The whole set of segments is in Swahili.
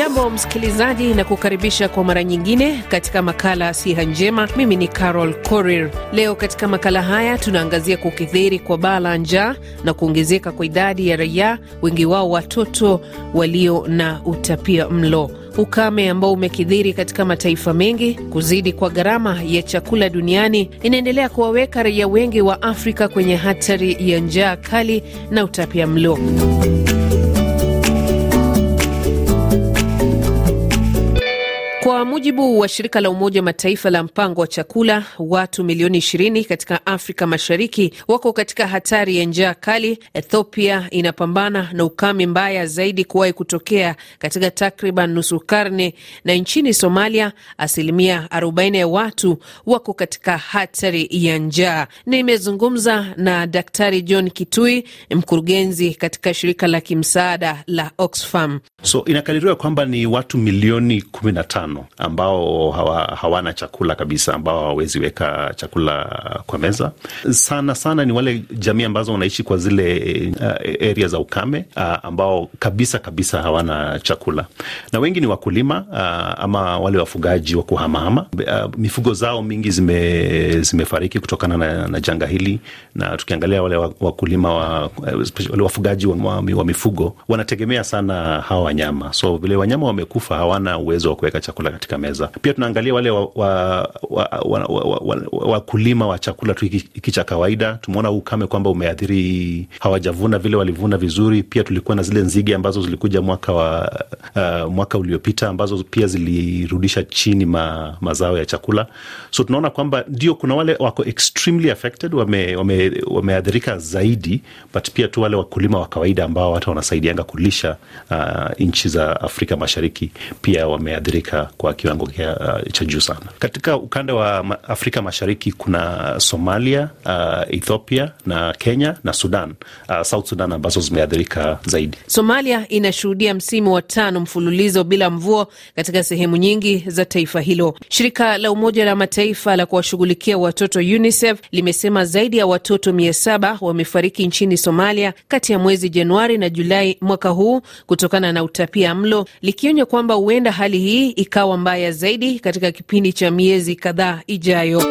Hujambo msikilizaji, na kukaribisha kwa mara nyingine katika makala siha njema. Mimi ni Carol Korir. Leo katika makala haya tunaangazia kukithiri kwa baa la njaa na kuongezeka kwa idadi ya raia, wengi wao watoto, walio na utapia mlo ukame ambao umekidhiri katika mataifa mengi, kuzidi kwa gharama ya chakula duniani inaendelea kuwaweka raia wengi wa Afrika kwenye hatari ya njaa kali na utapia mlo. mujibu wa shirika la Umoja wa Mataifa la mpango wa chakula, watu milioni 20 katika Afrika Mashariki wako katika hatari ya njaa kali. Ethiopia inapambana na ukame mbaya zaidi kuwahi kutokea katika takriban nusu karne, na nchini Somalia asilimia 40 ya watu wako katika hatari ya njaa. Nimezungumza na Daktari John Kitui, mkurugenzi katika shirika la kimsaada la Oxfam. So inakadiriwa kwamba ni watu milioni 15 ambao hawa, hawana chakula kabisa, ambao hawawezi weka chakula kwa meza. Sana sana ni wale jamii ambazo wanaishi kwa zile uh, area za ukame uh, ambao kabisa kabisa hawana chakula, na wengi ni wakulima uh, ama wale wafugaji wa kuhamahama uh, mifugo zao mingi zime, zimefariki kutokana na, na janga hili, na tukiangalia wale wakulima wa, wale wafugaji wa, wa mifugo wanategemea sana hawa wanyama, so vile wanyama wamekufa, hawana uwezo wa kuweka chakula katika katika meza. Pia tunaangalia wale wakulima wa wa, wa, wa, wa, wa, wa chakula tu hiki cha kawaida. Tumeona ukame kwamba umeathiri, hawajavuna vile walivuna vizuri. Pia tulikuwa na zile nzige ambazo zilikuja mwaka wa uh, mwaka uliopita ambazo pia zilirudisha chini ma, mazao ya chakula. So tunaona kwamba ndio kuna wale wako extremely affected, wame, wame, wameathirika zaidi, but pia tu wale wakulima wa kawaida ambao hata wanasaidianga kulisha uh, nchi za Afrika Mashariki pia wameathirika kwa kiwango uh, cha juu sana. Katika ukanda wa Afrika Mashariki kuna Somalia, uh, Ethiopia na Kenya na Sudan, uh, South Sudan ambazo zimeathirika zaidi. Somalia inashuhudia msimu wa tano mfululizo bila mvua katika sehemu nyingi za taifa hilo. Shirika la Umoja la Mataifa la kuwashughulikia watoto UNICEF limesema zaidi ya watoto mia saba wamefariki nchini Somalia kati ya mwezi Januari na Julai mwaka huu kutokana na utapia mlo, likionya kwamba huenda hali hii ikawa mabaya zaidi katika kipindi cha miezi kadhaa ijayo.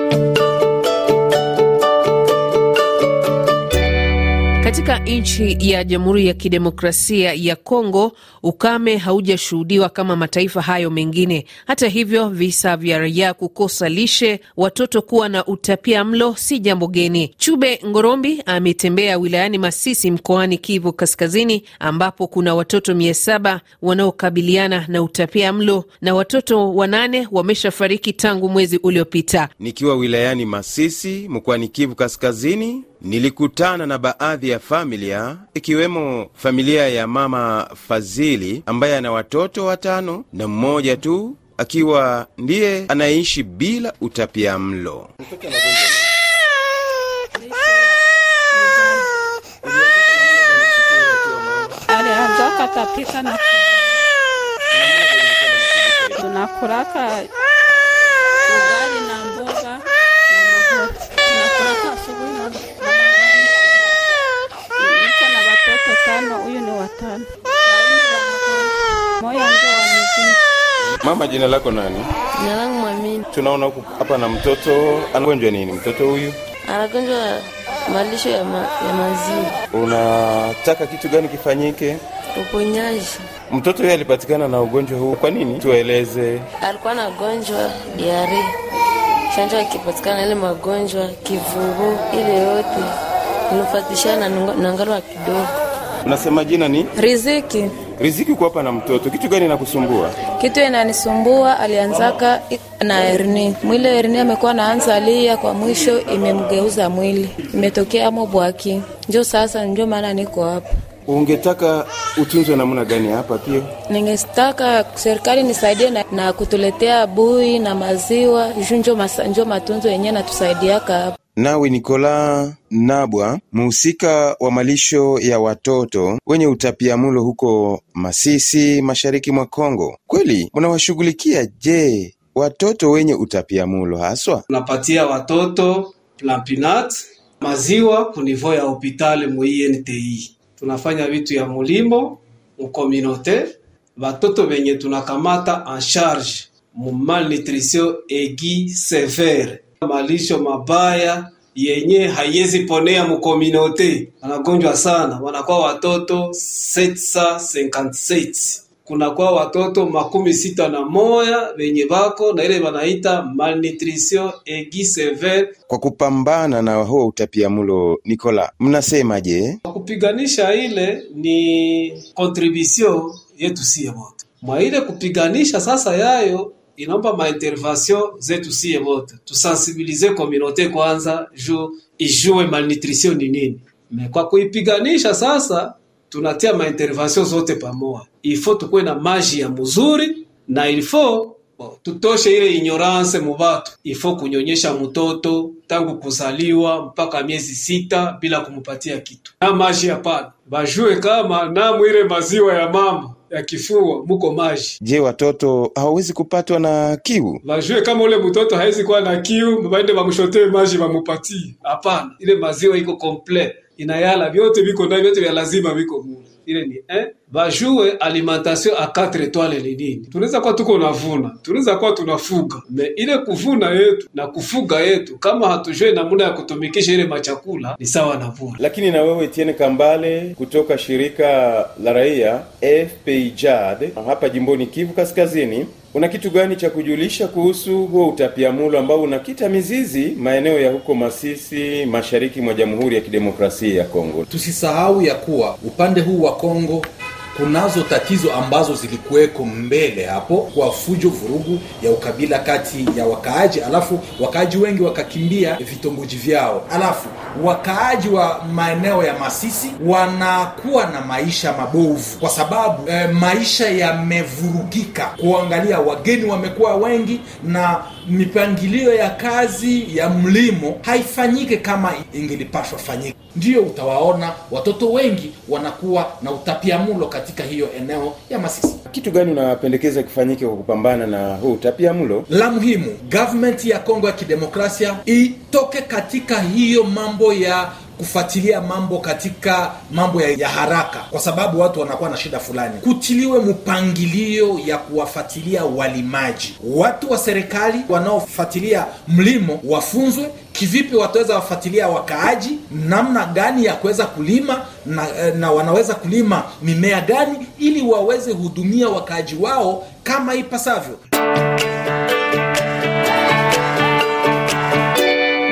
Katika nchi ya Jamhuri ya Kidemokrasia ya Kongo, ukame haujashuhudiwa kama mataifa hayo mengine. Hata hivyo, visa vya raia kukosa lishe, watoto kuwa na utapia mlo si jambo geni. Chube Ngorombi ametembea wilayani Masisi mkoani Kivu Kaskazini, ambapo kuna watoto mia saba wanaokabiliana na utapia mlo na watoto wanane wameshafariki tangu mwezi uliopita. Nikiwa wilayani Masisi mkoani Kivu Kaskazini, Nilikutana na baadhi ya familia ikiwemo familia ya mama Fazili ambaye ana watoto watano na mmoja tu akiwa ndiye anaishi bila utapia mlo. tano, huyu ni watano. Mama, jina lako nani? Jina langu Mwamini. Tunaona hapa na mtoto anagonjwa nini? Mtoto huyu anagonjwa malisho ya, ma, ya maziwa. Unataka kitu gani kifanyike? Uponyaji. Mtoto huyu alipatikana na ugonjwa huu, kwa nini? Tueleze. Alikuwa na ugonjwa diare, chanjo akipatikana ile magonjwa kivuguu ile yote unafatishana na ngalo kidogo Unasema jina ni Riziki? Riziki, uko hapa na mtoto, kitu gani inakusumbua? Kitu inanisumbua alianzaka na erni mwile erni amekuwa naanza alia, kwa mwisho imemgeuza mwili, imetokea mo bwaki, njo sasa, njo maana niko hapa. Ungetaka utunzwe namna gani hapa? Pia ningetaka serikali nisaidie na, na kutuletea bui na maziwa juu njo matunzo yenyewe natusaidiaka hapa nawe nikola Nabwa, muhusika wa malisho ya watoto wenye mulo huko Masisi, mashariki mwa Kongo. Kweli mnawashughulikia je watoto wenye mulo haswa? Tunapatia watoto plampinat maziwa kunivou ya hopitali INTI. Tunafanya vitu ya mulimo mukominote, watoto wenye tunakamata en charge mu malnutrition egi severe malisho mabaya yenye haiwezi ponea mukominote wanagonjwa sana, wanakuwa watoto 757 senkanset kunakuwa watoto makumi sita na moya wenye bako na ile wanaita malnutrition aigu severe. Kwa kupambana na huo mulo Nikola, mnasemaje? Kwa kupiganisha ile ni contribution yetu siye wote mwa ile kupiganisha sasa yayo inaomba maintervention zetu sie wote tusensibilize komunote kwanza, ju ijue malnutrition ni nini. Kwa kuipiganisha sasa, tunatia maintervention zote pamoja, ifo tukuwe na maji ya mzuri na ilfo oh, tutoshe ile ignorance mu batu, ifo kunyonyesha mtoto tangu kuzaliwa mpaka miezi sita bila kumupatia kitu na maji. Hapana, bajue kama namwile maziwa ya mama ya kifua muko maji. Je, watoto hawawezi kupatwa na kiu? vajue kama ule mtoto hawezi kuwa na kiu, vaende bamshotee maji vamupatie Hapana, ile maziwa iko komplet inayala, vyote viko ndani, vyote vya lazima viko mule. Ile ni eh? bajue alimentation a 4 etoile ni nini. Tunaweza kuwa tuko navuna, tunaweza kuwa tunafuga me ile kuvuna yetu na kufuga yetu, kama hatujue namna ya kutumikisha ile machakula ni sawa na vura. Lakini na wewe Etienne Kambale kutoka shirika la raia fpjad hapa jimboni Kivu Kaskazini, una kitu gani cha kujulisha kuhusu huo utapiamulo ambao unakita mizizi maeneo ya huko Masisi, mashariki mwa Jamhuri ya Kidemokrasia ya Kongo? Tusisahau ya kuwa upande huu wa Kongo kunazo tatizo ambazo zilikuweko mbele hapo kwa fujo vurugu ya ukabila kati ya wakaaji, alafu wakaaji wengi wakakimbia vitongoji vyao, alafu wakaaji wa maeneo ya Masisi wanakuwa na maisha mabovu kwa sababu eh, maisha yamevurugika. Kuangalia wageni wamekuwa wengi na mipangilio ya kazi ya mlimo haifanyike kama ingelipashwa fanyike. Ndiyo utawaona watoto wengi wanakuwa na utapiamlo katika hiyo eneo ya Masisi. Kitu gani unapendekeza kifanyike kwa kupambana na huu utapiamlo? La muhimu, gavmenti ya Kongo ya Kidemokrasia itoke katika hiyo mambo ya kufuatilia mambo katika mambo ya, ya haraka, kwa sababu watu wanakuwa na shida fulani. Kutiliwe mpangilio ya kuwafuatilia walimaji, watu wa serikali wanaofuatilia mlimo wafunzwe kivipi wataweza wafuatilia wakaaji, namna gani ya kuweza kulima na, eh, na wanaweza kulima mimea gani ili waweze hudumia wakaaji wao kama ipasavyo.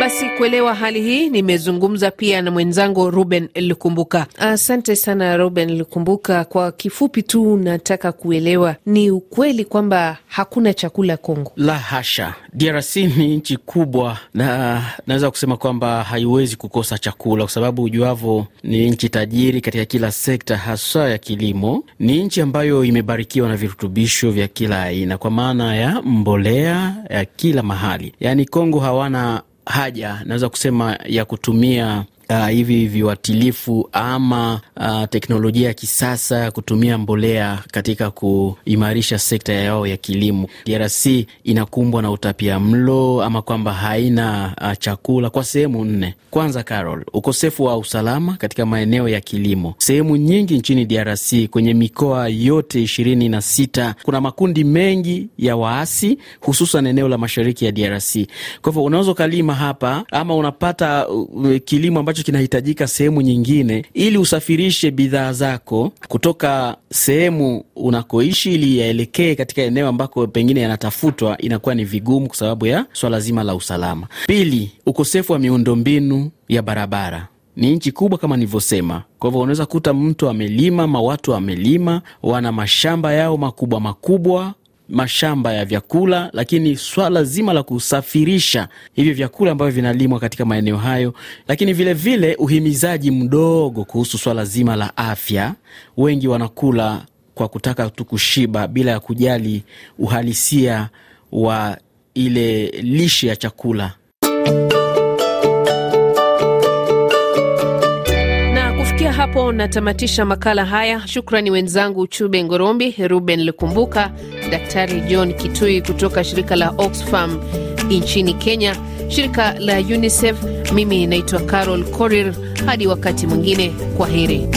Basi kuelewa hali hii, nimezungumza pia na mwenzangu Ruben Lukumbuka. Asante sana Ruben Lukumbuka. Kwa kifupi tu, nataka kuelewa, ni ukweli kwamba hakuna chakula Kongo? La hasha, DRC ni nchi kubwa, na naweza kusema kwamba haiwezi kukosa chakula, kwa sababu ujuavo, ni nchi tajiri katika kila sekta, hasa ya kilimo. Ni nchi ambayo imebarikiwa na virutubisho vya kila aina, kwa maana ya mbolea ya kila mahali. Yaani Kongo hawana haja naweza kusema ya kutumia uh, hivi viwatilifu ama uh, teknolojia ya kisasa kutumia mbolea katika kuimarisha sekta yao ya kilimo. DRC inakumbwa na utapia mlo ama kwamba haina uh, chakula kwa sehemu nne. Kwanza, Carol, ukosefu wa usalama katika maeneo ya kilimo. Sehemu nyingi nchini DRC kwenye mikoa yote ishirini na sita kuna makundi mengi ya waasi hususan eneo la mashariki ya DRC. Kwa hivyo unaweza ukalima hapa ama unapata uh, kilimo ambacho ambacho kinahitajika sehemu nyingine ili usafirishe bidhaa zako kutoka sehemu unakoishi ili yaelekee katika eneo ambako pengine yanatafutwa, inakuwa ni vigumu kwa sababu ya swala zima la usalama. Pili, ukosefu wa miundombinu ya barabara ni nchi kubwa kama nilivyosema. Kwa hivyo unaweza kuta mtu amelima ma watu amelima, wana mashamba yao makubwa makubwa, mashamba ya vyakula, lakini swala zima la kusafirisha hivyo vyakula ambavyo vinalimwa katika maeneo hayo, lakini vilevile vile uhimizaji mdogo kuhusu swala zima la afya. Wengi wanakula kwa kutaka tu kushiba bila ya kujali uhalisia wa ile lishe ya chakula. hapo natamatisha makala haya. Shukrani wenzangu Chube Ngorombi, Ruben Lukumbuka, Daktari John Kitui kutoka shirika la Oxfam nchini Kenya, shirika la UNICEF. Mimi naitwa Carol Korir. Hadi wakati mwingine, kwa heri.